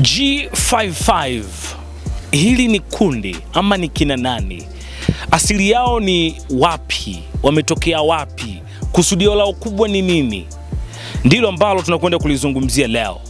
G55 hili ni kundi ama ni kina nani? Asili yao ni wapi? Wametokea wapi? Kusudio lao kubwa ni nini? Ndilo ambalo tunakwenda kulizungumzia leo.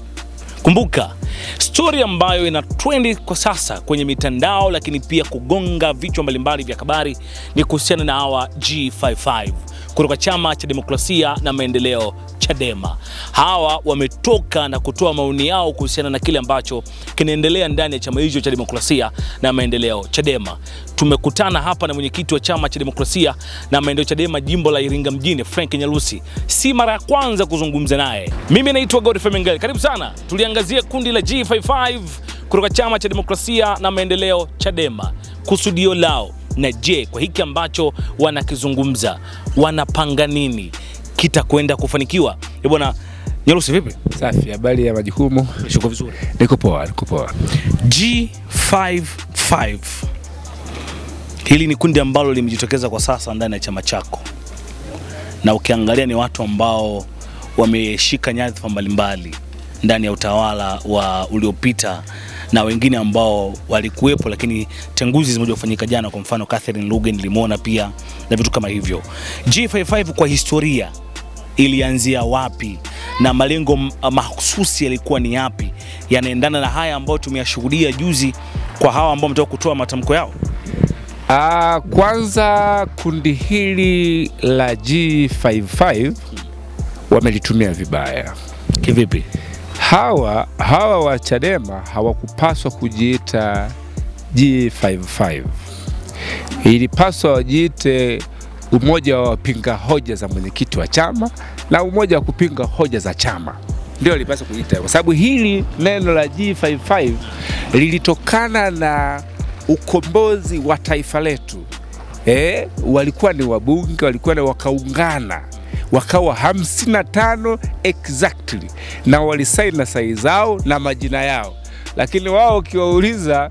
Kumbuka stori ambayo ina trendi kwa sasa kwenye mitandao, lakini pia kugonga vichwa mbalimbali vya habari ni kuhusiana na hawa G55 kutoka Chama cha Demokrasia na Maendeleo, Chadema. Hawa wametoka na kutoa maoni yao kuhusiana na kile ambacho kinaendelea ndani ya chama hicho cha Demokrasia na Maendeleo, Chadema. Tumekutana hapa na mwenyekiti wa Chama cha Demokrasia na Maendeleo, Chadema jimbo la Iringa mjini, Frank Nyalusi. Si mara ya kwanza kuzungumza naye. Mimi naitwa Godfrey Mengele, karibu sana. Tuliangazia kundi la G55 kutoka Chama cha Demokrasia na Maendeleo, Chadema, kusudio lao na je, kwa hiki ambacho wanakizungumza wanapanga nini kitakwenda kufanikiwa? E bwana Nyarusi, vipi? Safi. Habari ya majukumu? Shuko vizuri, niko poa, niko poa. G55 hili ni kundi ambalo limejitokeza kwa sasa ndani ya chama chako, na ukiangalia ni watu ambao wameshika nyadhifa mbalimbali ndani ya utawala wa uliopita na wengine ambao walikuwepo, lakini tenguzi zimekuja kufanyika jana. Kwa mfano Catherine Luge nilimwona pia na vitu kama hivyo. G55 kwa historia ilianzia wapi na malengo mahususi yalikuwa ni yapi? Yanaendana na haya ambayo tumeyashuhudia juzi kwa hawa ambao wametoka kutoa matamko yao. Uh, kwanza kundi hili la G55 wamelitumia vibaya. Kivipi? hawa hawa wa Chadema hawakupaswa kujiita G55, ilipaswa wajiite umoja wa wapinga hoja za mwenyekiti wa chama na umoja wa kupinga hoja za chama, ndio ilipaswa kujiita, kwa sababu hili neno la G55 lilitokana na ukombozi wa taifa letu. Eh, walikuwa ni wabunge walikuwa ni wakaungana wakawa 55 exactly, na walisaini na sahihi zao na majina yao, lakini wao ukiwauliza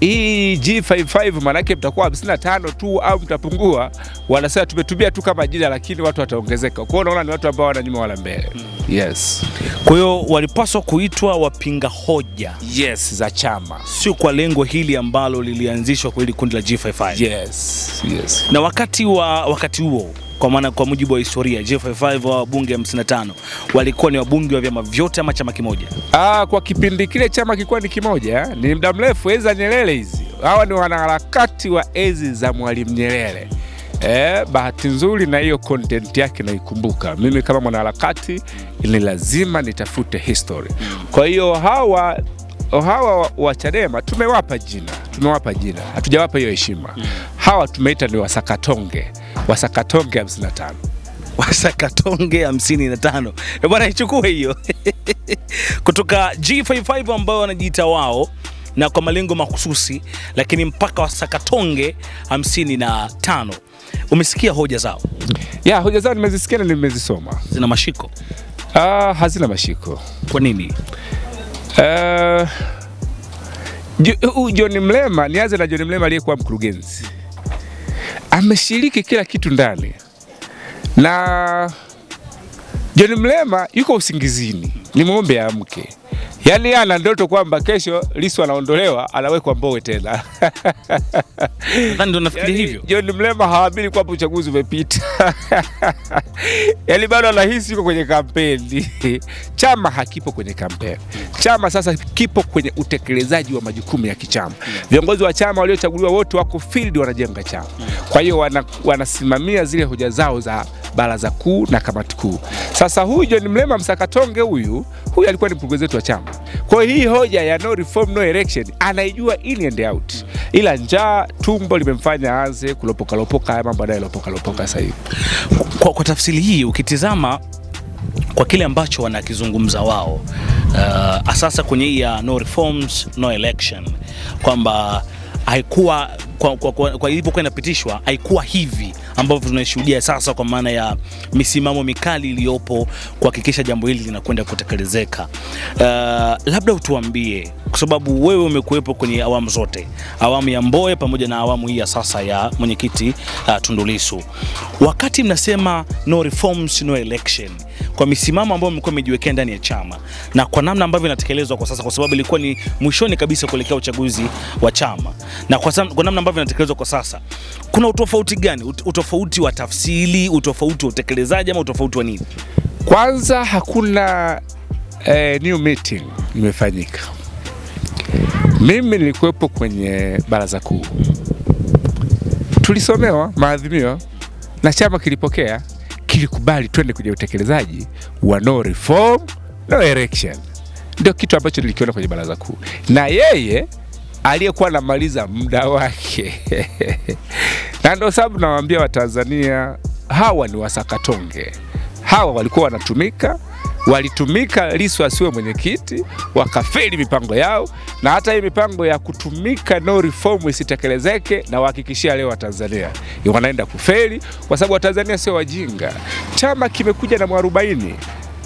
hii G55 maanake mtakuwa 55 tu au mtapungua, wanasema tumetumia tu kama jina, lakini watu wataongezeka. Kwa hiyo unaona ni watu ambao wana nyuma wala mbele. Hmm. Yes. Kwa hiyo walipaswa kuitwa wapinga hoja yes, za chama, sio kwa lengo hili ambalo lilianzishwa kwa hili kundi la G55. Yes. Yes. Na wakati wa wakati huo kwa maana kwa mujibu wa historia G55 wa wabunge 55 walikuwa ni wabunge wa vyama vyote ama chama kimoja? Ah, kwa kipindi kile chama kilikuwa ni kimoja, eh? ni muda mrefu enzi za Nyerere hizi. Hawa ni wanaharakati wa enzi za Mwalimu Nyerere. Eh, bahati nzuri na hiyo content yake naikumbuka mimi kama mwanaharakati, ni lazima nitafute history. Kwa hiyo hawa hawa wa Chadema tumewapa jina, tumewapa jina, hatujawapa hiyo heshima hawa tumeita ni wasakatonge, wasakatonge 55 wasakatonge 55 eh, bwana, ichukue hiyo kutoka G55 ambao wanajiita wao na kwa malengo mahususi, lakini mpaka wasakatonge 55. Umesikia hoja zao? Ya, hoja zao nimezisikia na nimezisoma. Zina mashiko? Ah, hazina mashiko. Kwa nini? Eh, uh, John Mlema, nianze na John Mlema aliyekuwa mkurugenzi ameshiriki kila kitu ndani, na John Mrema yuko usingizini, nimwombe amke. Yaani ana ndoto kwamba kesho Lissu anaondolewa anawekwa Mbowe tena. Nadhani ndo nafikiri yaani hivyo. John Mlema haamini kwamba uchaguzi umepita. Yaani bado anahisi yuko kwenye kampeni. Chama hakipo kwenye kampeni. Chama sasa kipo kwenye utekelezaji wa majukumu ya kichama. Viongozi wa chama waliochaguliwa wote wako field wanajenga chama. Kwa hiyo wanasimamia zile hoja zao za baraza kuu na kamati kuu. Sasa huyu John Mrema Msakatonge huyu huyu alikuwa ni mkurugenzi wetu wa chama. Kwa hiyo hii hoja ya no reform no election anaijua in and out, ila njaa tumbo limemfanya aanze kulopokalopoka haya mambo lopoka sasa hivi. Kwa, kwa tafsiri hii ukitizama kwa kile ambacho wanakizungumza wao uh, asasa kwenye hii ya no reforms no election kwamba haikuwa kwa, kwa, kwa, kwa ilivyokuwa inapitishwa haikuwa hivi ambavyo tunashuhudia sasa, kwa maana ya misimamo mikali iliyopo kuhakikisha jambo hili linakwenda kutekelezeka. Uh, labda utuambie, kwa sababu wewe umekuwepo kwenye awamu zote, awamu ya mboye pamoja na awamu hii ya sasa ya mwenyekiti uh, Tundu Lissu, wakati mnasema no reforms, no election kwa misimamo ambayo mlikuwa mmejiwekea ndani ya chama na kwa namna ambavyo inatekelezwa kwa sasa, kwa sababu ilikuwa ni mwishoni kabisa kuelekea uchaguzi wa chama, na kwa, sam, kwa namna ambavyo inatekelezwa kwa sasa, kuna utofauti gani? Utofauti wa tafsiri, utofauti wa utekelezaji, ama utofauti wa nini? Kwanza hakuna eh, new meeting imefanyika. Mimi nilikuwepo kwenye baraza kuu, tulisomewa maadhimio na chama kilipokea kilikubali twende kwenye utekelezaji wa no reform no election. Ndio kitu ambacho nilikiona kwenye baraza kuu, na yeye aliyekuwa anamaliza muda wake na ndio sababu nawaambia Watanzania hawa ni wasakatonge, hawa walikuwa wanatumika walitumika Lissu asiwe mwenyekiti, wakafeli mipango yao, na hata hii mipango ya kutumika no reform isitekelezeke, na wahakikishia leo Watanzania wanaenda kufeli, kwa sababu Watanzania sio wajinga. Chama kimekuja na mwarobaini.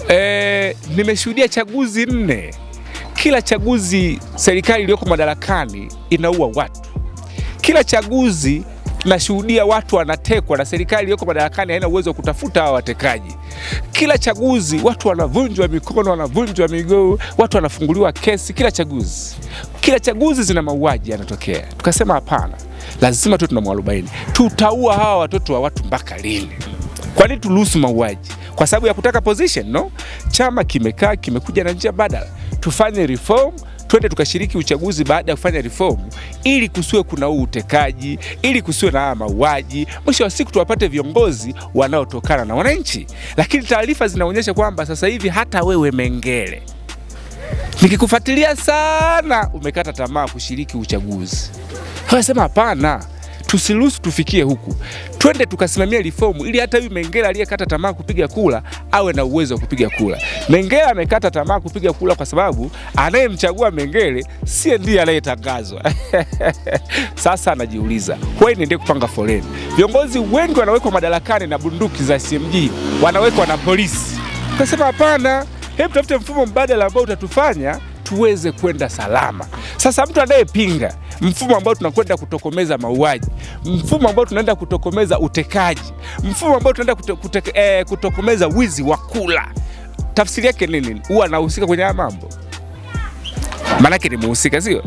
E, nimeshuhudia chaguzi nne. Kila chaguzi serikali iliyoko madarakani inaua watu, kila chaguzi tunashuhudia watu wanatekwa, na serikali iliyoko madarakani haina uwezo wa kutafuta hawa watekaji. Kila chaguzi watu wanavunjwa mikono, wanavunjwa miguu, watu wanafunguliwa kesi kila chaguzi, kila chaguzi zina mauaji yanatokea. Tukasema hapana, lazima tuwe tuna mwarobaini. Tutaua hawa watoto wa watu mpaka lini? Kwa nini turuhusu mauaji? Kwa sababu ya kutaka position? No, chama kimekaa kimekuja na njia badala, tufanye reform twende tukashiriki uchaguzi baada ya kufanya reform, ili kusiwe kuna huu utekaji, ili kusiwe na haya mauaji. Mwisho wa siku tuwapate viongozi wanaotokana na wananchi. Lakini taarifa zinaonyesha kwamba sasa hivi hata wewe Mengele, nikikufuatilia sana, umekata tamaa kushiriki uchaguzi. Wasema hapana tusiruhusu tufikie huku, twende tukasimamia reformu ili hata huyu Mengela aliyekata tamaa kupiga kura awe na uwezo wa kupiga kura. Mengela amekata tamaa kupiga kura kwa sababu anayemchagua Mengele siye ndiye anayetangazwa. Sasa anajiuliza kwani niendee kupanga foleni. Viongozi wengi wanawekwa madarakani na bunduki za SMG, wanawekwa na polisi. Ukasema hapana, hebu tafute mfumo mbadala ambao utatufanya tuweze kwenda salama. Sasa mtu anayepinga mfumo ambao tunakwenda kutokomeza mauaji, mfumo ambao tunaenda kutokomeza utekaji, mfumo ambao tunaenda eh, kutokomeza wizi wa kula. Tafsiri yake nini? Huwa anahusika kwenye haya mambo, maanake ni muhusika, sio?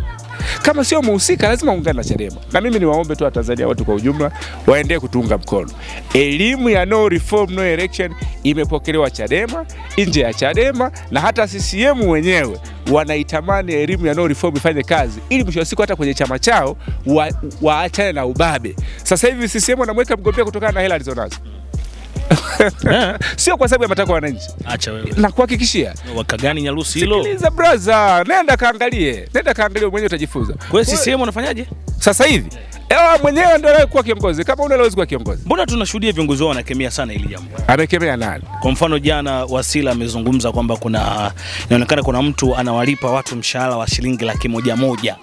Kama sio muhusika, lazima uungane na Chadema. Na mimi niwaombe tu Watanzania wote kwa ujumla waendelee kutuunga mkono. Elimu ya no reform no election imepokelewa Chadema, nje ya Chadema na hata CCM wenyewe wanaitamani elimu ya no reform ifanye kazi, ili mwisho wa siku hata kwenye chama chao waachane wa na ubabe. Sasa hivi CCM wanamweka mgombea kutokana na hela alizonazo. Eh? sio kwa sababu ya matakwa ya wananchi. Acha wewe. Na kuhakikishia. Waka gani Nyarusi hilo? Sikiliza brother, nenda kaangalie. Nenda kaangalie mwenyewe utajifunza. Kwa hiyo CCM unafanyaje? Sasa hivi yeah. Eh, mwenyewe ndio anayekuwa kiongozi kama una uwezo kuwa kiongozi. Mbona tunashuhudia viongozi wao wanakemea sana ili jambo? Anakemea nani? Kwa mfano jana Wasila amezungumza kwamba kuna inaonekana kuna mtu anawalipa watu mshahara wa shilingi laki moja moja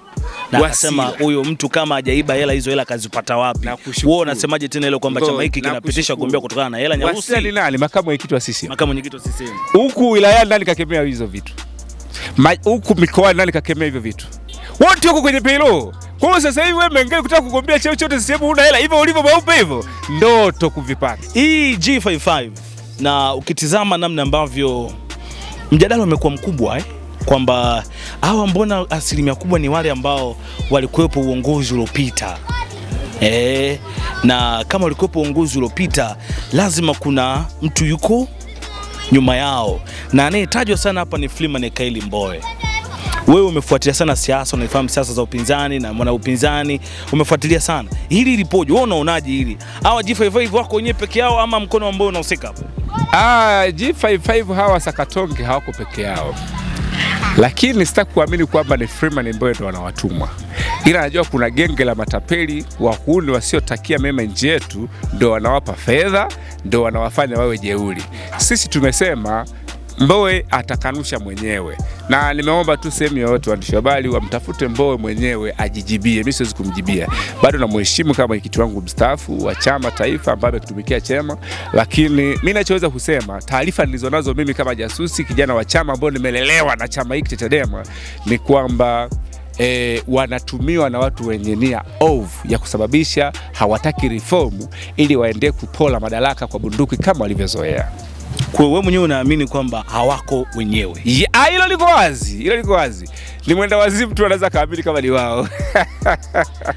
na akasema huyo mtu kama hajaiba hela hizo hela kazipata wapi? Wewe unasemaje tena ile kwamba chama hiki kinapitisha gombea kutokana na hela nyarusi? Ni nani makamu mwenyekiti wa CCM? Makamu mwenyekiti wa CCM. Huku wilayani nani kakemea hizo vitu? Huku mikoani nani kakemea hivyo vitu? Wote huko kwenye pelo. Kwa hiyo sasa hivi wewe mengine kutaka kugombea cheo chote CCM una hela hivyo ulivyo mweupe hivyo ndoto kuvipata. Hii G55 na ukitizama namna ambavyo mjadala umekuwa mkubwa eh? kwamba hawa mbona asilimia kubwa ni wale ambao walikuwepo uongozi uliopita. E, na kama walikuwepo uongozi uliopita lazima kuna mtu yuko nyuma yao, na anayetajwa sana hapa ni Freeman Kaili Mbowe. Wewe umefuatilia sana siasa, unaifahamu siasa za upinzani na mwana upinzani, umefuatilia sana hili lipoje? Wewe unaonaje hili, hawa G55 wako wenyewe peke yao ama mkono ambao unahusika hapo? Ah, G55 hawa Sakatonge hawako peke yao lakini sitaki kuamini kwamba ni Freeman ambaye ndo wanawatumwa, ila najua kuna genge la matapeli wahuni wasiotakia mema nchi yetu ndo wanawapa fedha, ndo wanawafanya wawe jeuri. Sisi tumesema Mbowe atakanusha mwenyewe na nimeomba tu sehemu yoyote waandishi habari wamtafute Mbowe mwenyewe ajijibie. Mimi siwezi kumjibia, bado namheshimu kama mwenyekiti wangu mstaafu wa chama taifa, ambaye ametumikia chama, lakini mimi nachoweza kusema, taarifa nilizonazo mimi kama jasusi kijana wa chama ambao nimelelewa na chama hiki cha Chadema ni kwamba E, wanatumiwa na watu wenye nia ovu ya kusababisha, hawataki reformu ili waendee kupola madaraka kwa bunduki kama walivyozoea. Kwa wewe mwenyewe unaamini kwamba hawako wenyewe. Ah, hilo liko wazi, hilo liko wazi. Ni mwenda wazimu tu anaweza kaamini kama ni wao.